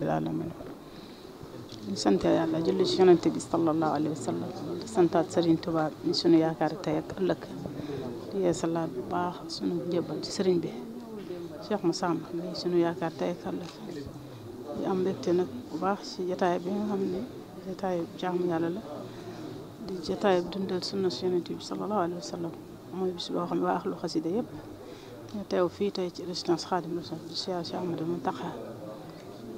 rabbil alamin sant yàlla julli ci yonent bi sallallahu alayhi wa sallam di santaat Serigne Touba mi sunu yaakaar tey ak ëllëg di yeesalaat bu baax sunu njëbbal ci Serigne bi Cheikh Moussa mi sunu yaakaar tey ak di am mbégte nag bu baax ci jotaay bi nga xam ne jotaay dundal sunna si yonent bi sallallahu alayhi wa sallam mooy bis boo xam ne waa axlu xasida fii tey ci résidence Xaadim Rasul di siyaar Cheikh Ahmadou Mountakha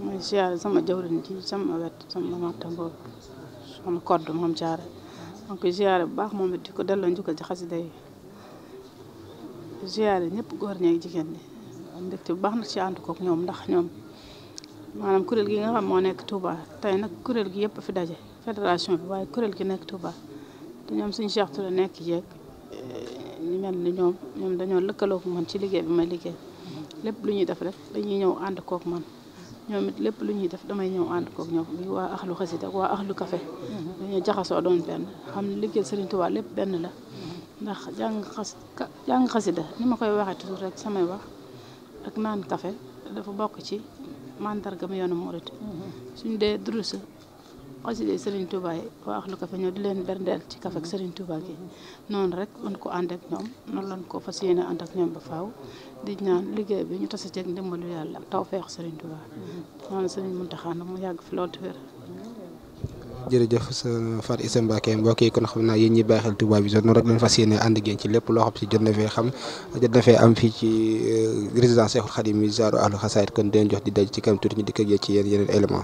may siyaare sama jawriñ ji sama wet sama mattango sama kodd moom jaare ma koy bu baax moom it di ko delloo njukkal ci xasida yi siyaare ñëpp góor ñeeg jigéen ñi mbégte bu baax nag ci ànd kook ñoom ndax ñoom maanaam kuréel gi nga xam moo nekk Touba tey nag kuréel gi yëpp fi daje fédération bi waaye kuréel gi nekk Touba te ñoom suñu Cheikh Touré nekk yeeg eh, ñu mel ni ñoom ñoom dañoo lëkkaloo ak man ci liggéey bi may liggéey lépp lu ñuy def rek dañuy ñëw ànd kook man ñoom it lépp lu ñuy def damay ñëw ànd kook ñoom wa waa axlu xasida ak waa axlu café dañoo jaxasoo doon benn xam ne liggéey Sëriñ Tuubaa lépp benn la ndax jàng xas jàng xasida ni ma koy waxee toujours rek samay wax ak naan café dafa bokk ci mandarga mu yoonu murit mm-hmm. suñ dee drusa xasida Serigne Touba yi waa Ahlou kafe ñoo di leen berndeel ci café ak Serigne Touba gi noonu rek lañ ko ànd ak ñoom noonu lañ ko fas yéene ànd ak ñoom ba faaw di ñaan liggéey bi ñu tasa ceeg ndimbalu yàlla ak tawfeex Serigne Touba ñaan Serigne Mountakha mu yàgg fi lool te wér. jërëjëf yi kon xam naa yéen ñi bàyyi xel Touba Vision noonu rek leen fas yéene ànd ngeen ci lépp loo xam si jot na fee xam jot na fee am fii ci euh, résidence Cheikhoul Khadim Zaaru Ahlu Xasaayid kon dinañ jox di daj ci kanam tuuti ñu dikk yeneen élément